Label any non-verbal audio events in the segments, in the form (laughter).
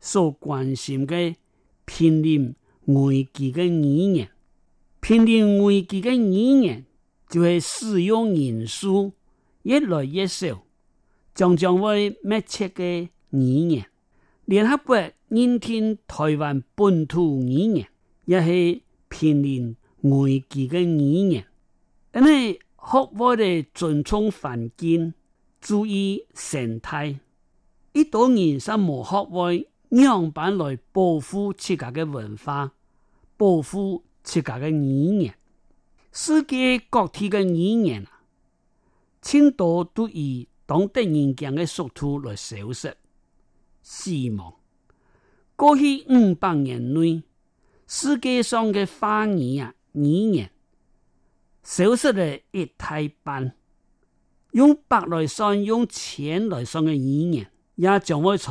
所關心嘅瀕臨危機嘅語言，瀕臨危機嘅語言，就是使用人數越來越少，將將會滅絕嘅語言。聯合國認定台灣本土語言也是瀕臨危機嘅語言。咁呢，學會哋尊重環境、注意生態，一到人生無學會。讓品嚟保護自己嘅文化，保護自己嘅語言。世界各地嘅語言啊，青島都以同等驚人嘅速度嚟消失，死亡。過去五百年內，世界上嘅方言啊，語言消失了一大半。用百來算，用千來算嘅語言也將會在，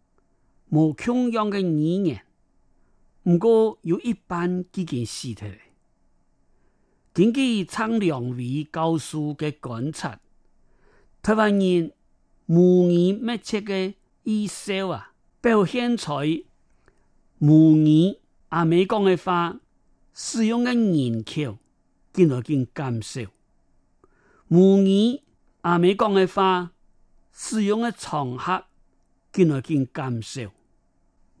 無窮樣的語言，唔過有一班幾件事體，根據陳良偉教授嘅觀察，他發現母語密切嘅意思啊，表現在母語阿美講嘅話使用嘅人口越來越減少，母語阿美講嘅話使用嘅場合越來越減少。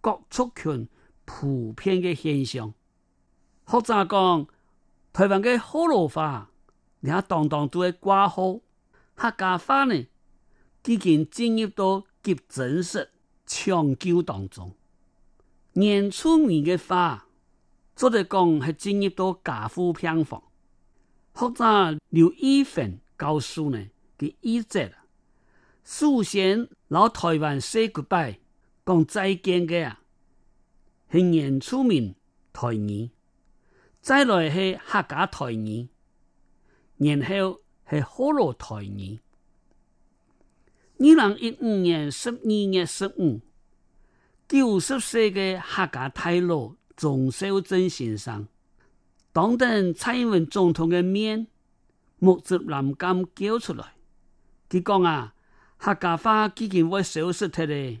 各族群普遍嘅現象，或者講台灣嘅河洛話，人家當當都係掛號，客家話呢，已經進入到急診室搶救當中。原住民嘅話，做咗講係進入到加護病房，或者劉一份教授呢，佢醫治首先老台灣 say goodbye。講再見嘅啊，係年初面台語，再來係客家台語，然後係火爐台語。二零一五年十二月十五，九十歲嘅客家大老鍾肇政先生，當着蔡英文總統嘅面，目汁難咁叫出來。佢講啊，客家話幾經快消失脱咧。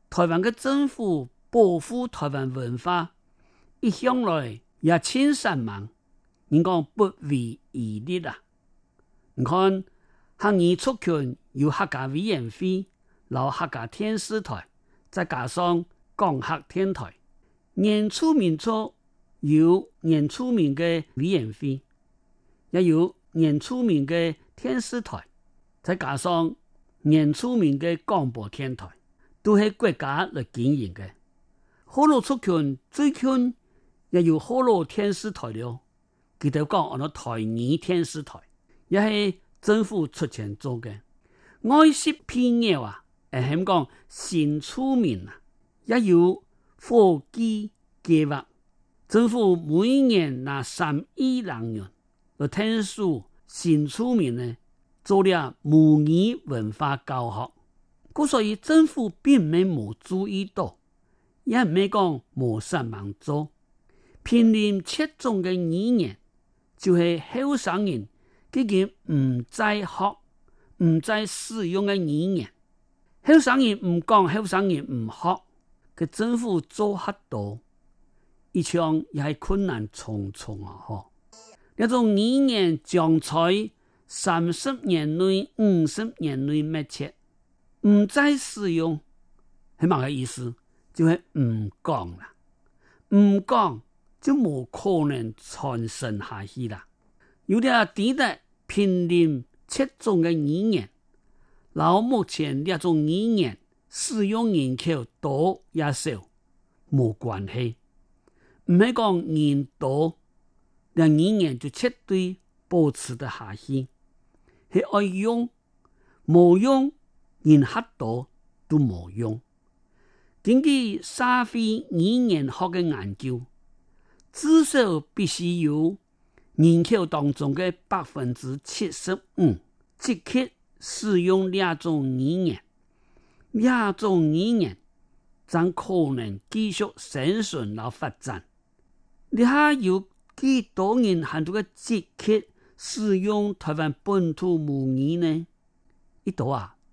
台灣的政府保護台灣文化，一向來也千善忙人家不遺餘力啊！你看，黑人出拳有客家委員會，有客家電視台，再加上講客電台；原住民初有原住民嘅委員會，也有原住民嘅電視台，再加上原住民嘅廣播電台。都喺國家嚟經營嘅，好多出錢，最近也有好多電視台了。佢哋講我哋台語電視台，也係政府出錢做嘅。愛惜拼音啊，誒、哎，響講新住民啊，也有科技計劃，政府每年拿三億人民，而天數新住民呢，做了母語文化教學。故所以，政府並沒沒注意到，也沒講馬上蠻做。瀕臨切種的語言，就是後生人，即個唔再學、唔再使用個語言。後生人唔講，後生人唔學，個政府做很多，亦常也是困難重重啊！吼、嗯，一種語言將在三十年內、五十年內滅絕。唔再使用，起碼嘅意思就係唔講啦，唔講就冇可能傳承下去啦。有啲啊，現代瀕臨絕種嘅語言，然後目前呢種語言使用人口多也少，冇關係。唔係講人多，但語言就絕對保持得下去，係愛用冇用。任何多都冇用。根據社會語言學嘅研究，至少必須有人口當中嘅百分之七十五即刻使用兩種語言，兩種語言才可能繼續生存和發展。你睇有幾多人很多嘅即刻使用台灣本土母語呢？一多啊！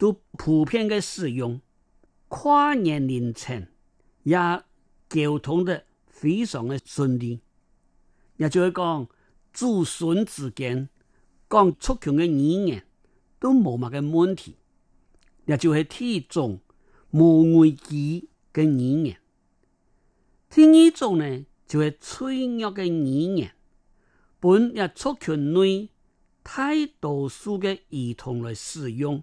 都普遍的使用，跨年齡層也溝通得非常的順利。也就係講，祖孫之間講族群的語言都冇乜個問題。也就係第一種冇危機嘅語言，第二種呢，就是脆弱的語言，本日族群內大多數的兒童來使用。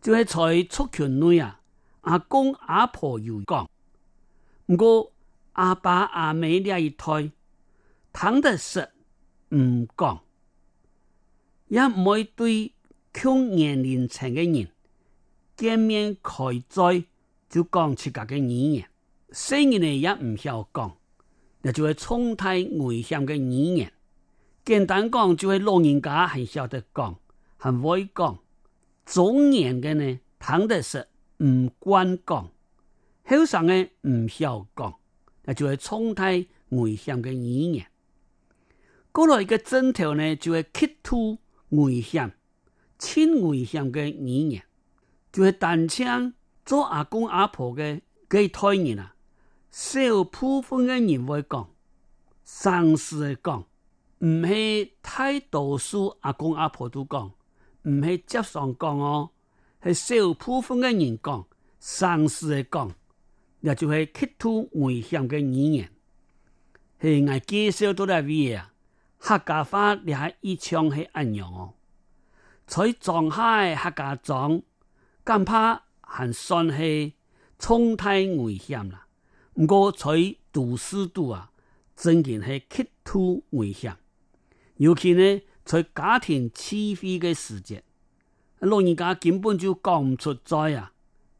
就係在族群內啊，阿公阿婆又講，唔過阿爸阿媽呢一代，談得實唔講，也唔會對強年齡層嘅人見面開嘴就講自家嘅語言，細人呢也唔曉講，也就係沖太危險嘅語言，簡單講就係老人家很曉得講，很會講。總年嘅呢，等得是唔慣講，後生嘅唔曉講，那就係衝太危險嘅語言。過了一個針頭呢，就會極度危險、親危險嘅語言，就係單請做阿公阿婆嘅嘅代人啊，少部分嘅人會講，少數嘅講，唔係大多數阿公阿婆都講。唔係、嗯、接上講哦，係少部分嘅人講，喪事嘅講，也就是刻圖危險嘅語言，係我介紹到達位啊。客家話厲害，害，以腔係硬洋哦。在上海客家莊，恐怕寒酸是沖太危險啦。唔過在都市度啊，真嘅係刻圖危險，尤其呢。在家庭撕毀的時節，老人家根本就講不出在啊！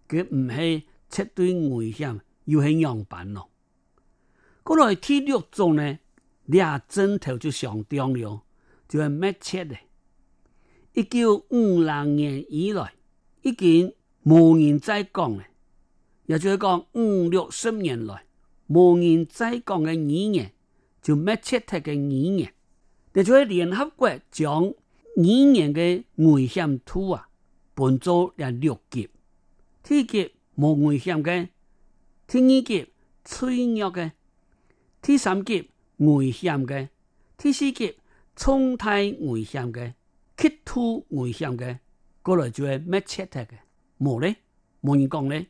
佢唔係出對外向，又係樣板咯。嗰類鐵路做呢，兩枕頭就上當了，就係滅絕呢？一九五六年以來，已經無人再講了，也就係講五六十年來無人再講的、語言，就滅絕的語言。也就係聯合國將語言嘅危險度啊分做六級，第一級無危險嘅，第二級脆弱嘅，第三級危險嘅，第四級生態危險嘅，極度危險嘅，過來就係滅絕嘅？冇咧，冇人講咧。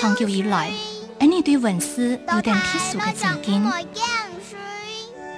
長久以來，阿你對紋絲有點特殊嘅成見。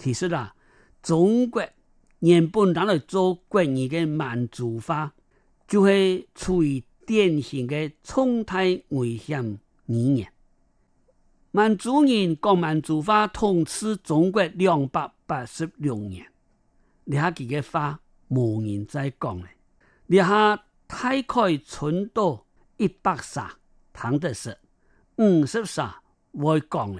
其實啦，中國原本拿來做國語嘅滿族話，就係處於典型嘅生態危險語言。滿族人講滿族話，統治中國兩百八十六年，而家佢個話冇人再講咧。而家大概存到一百三，肯得食，五十三我會講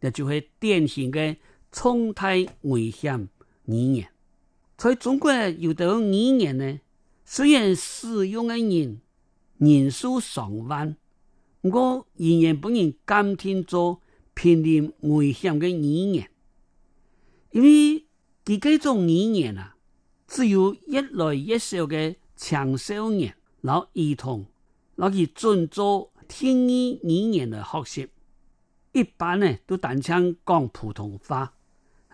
咧，就係典型嘅。生態危險語言，在中國有啲語言呢，雖然使用的人人數上萬，但仍然不能甘聽做瀕臨危險的語言，因為佢這種語言啊，只有越來越少的青少年、老兒童，老去做做第一語言嚟學習，一般呢都單槍講普通話。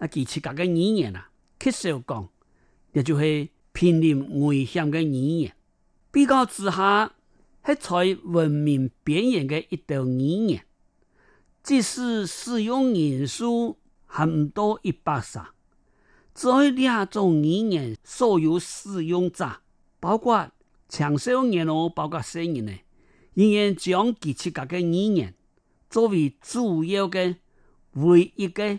啊，機器各個語言啦，可以說，也就是瀕臨危險嘅語言，比較之下，係在文明邊緣嘅一道語言，即使使用人數唔到一百三，所以兩種語言所有使用者，包括青少年咯，包括成年咧，仍然將機器各個語言作為主要嘅唯一嘅。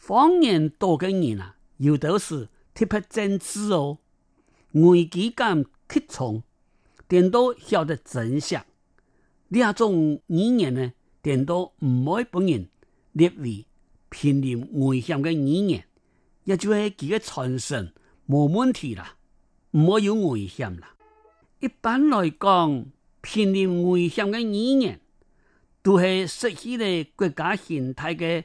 方言多跟人啊，有的是特別真摯哦。危機感可從，點都曉得真相。第二種語言呢，點都唔會本人列為瀕臨危險嘅語言，也就是幾個傳承冇問題啦，唔會有危險啦。一般來講，瀕臨危險嘅語言，都是失去了國家形態嘅。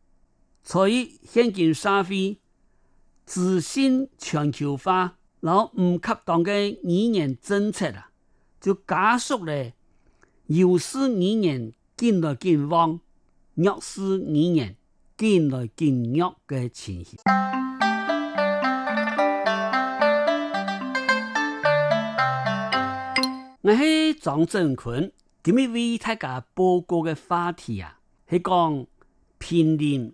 所以，現今社會，資訊全球化，然後唔恰當嘅語言政策啊，就加速了弱勢語言漸來漸亡、弱勢語言漸來漸弱嘅情形。 (music) 我係張振坤，今日為大家報告嘅話題啊，係講片聯。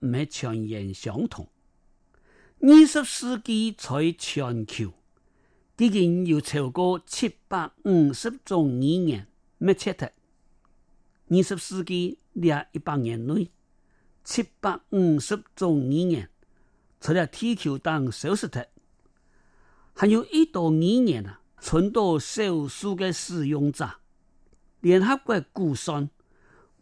唔係全然相同。二十世紀在全球，已經有超過七百五十種語言，唔切得。二十世紀廿一百年內，七百五十種語言，除了地球當收拾得，還有一到語言啊，存到少數的使用者，聯合國估算。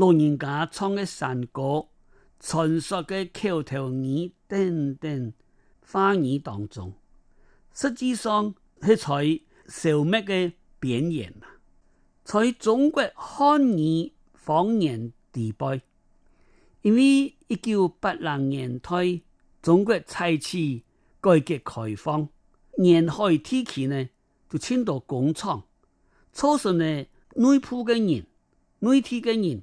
老人家唱嘅山歌、傳說嘅口頭語等等話語當中，實際上係在消滅嘅邊緣啦。在中國漢語方言地帶，因為一九八零年代中國採取改革開放，沿海地區呢就遷到工廠，造成呢內部嘅人、內遷嘅人。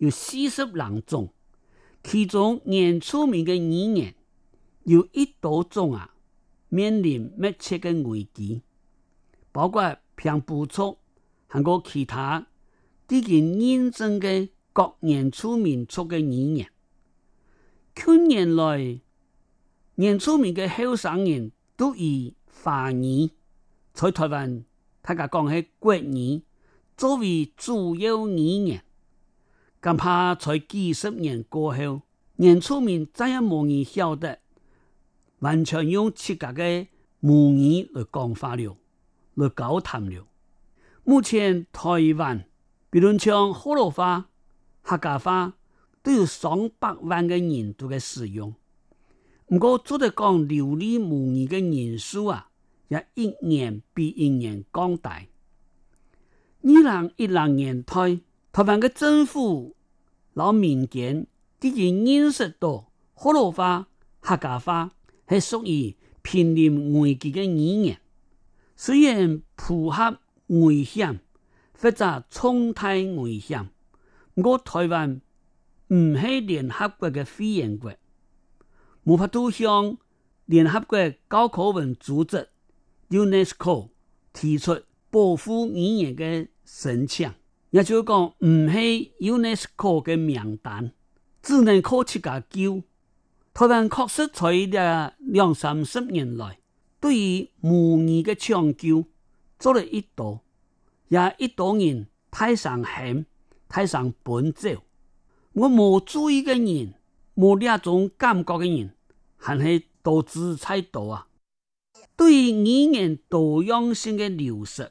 有四十人種，其中原住民嘅語言有一多種啊面臨滅絕嘅危機，包括平埔族，還有其他，啲嘅原生嘅各原住民族嘅語言。近年來，原住民嘅後生人都以華語，在台灣，大家講的係國語作為主要語言。恐怕在幾十年過後，人出面再也無人曉得，完全用自家嘅母語來講話了，來交談了。目前台灣，比如像福佬話、客家話，都有上百萬嘅人都在使用。唔過，逐日講流利母語嘅人數啊，也一年比一年降低。二零一零年代。台灣嘅政府攞民間啲人認識到葫蘆話客家話係屬於瀕臨危機嘅語言，雖然符合危險，或者重大危險，我台，台灣唔係聯合國嘅會員國，無法度向聯合國教科文組織 （UNESCO） 提出保護語言嘅申請。.也就講唔係 UNESCO 嘅名單，只能靠自家救啊。突然，確實，在呢兩三十年來，對於母語嘅搶救做了一度，也一度人太上險，太上本走。我冇注意嘅人，冇呢種感覺嘅人，係去多姿多彩啊。對於語言多樣性嘅流失。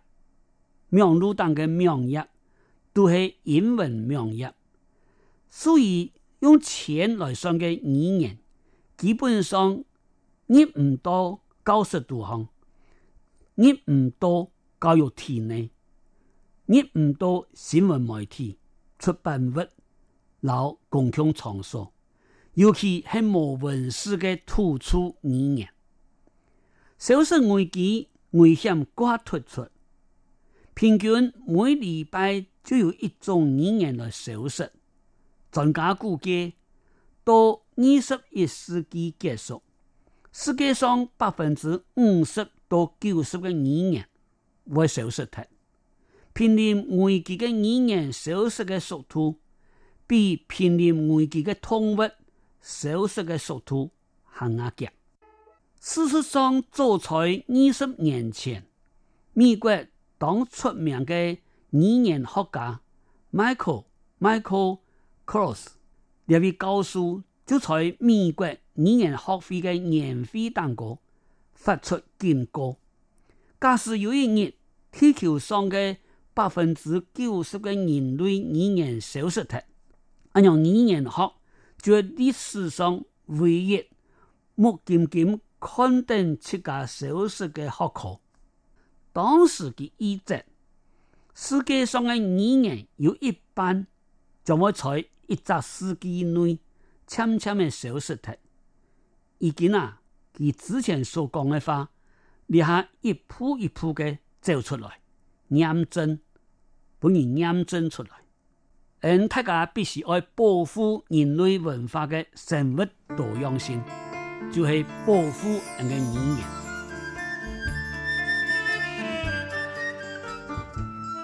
苗族黨嘅苗語，都係英文苗語，所以用錢來算嘅語言，基本上入唔到教識度行，入唔到教育體內，入唔到新聞媒體、出版物、老公共場所，尤其係冇文字嘅突出語言，少數危機危險更突出。平均每禮拜就有一種語言嚟消失，專家估計到二十一世紀結束，世界上百分之五十到九十的語言會消失掉。瀕臨危機的語言消失的速度，比瀕臨危機的動物消失的速度還要急。事實上，早在二十年前，美國。當出名嘅語言學家 Michael Michael Krauss 兩位教授就在美國語言學會嘅年會蛋糕發出警告：假使有一日地球上嘅百分之九十嘅人類語言消失掉，啊讓語言學做歷史上唯一目金金肯定自家消失嘅學科。當時嘅譯者，世界上嘅語言有一半，怎麼在一隻世紀內悄悄嘅消失掉？而今啊，以之前所講嘅話，你下一步一步嘅走出來，驗證，本人驗證出來。嗯，大家必須要保護人類文化嘅生物多樣性，就係保護人嘅語言。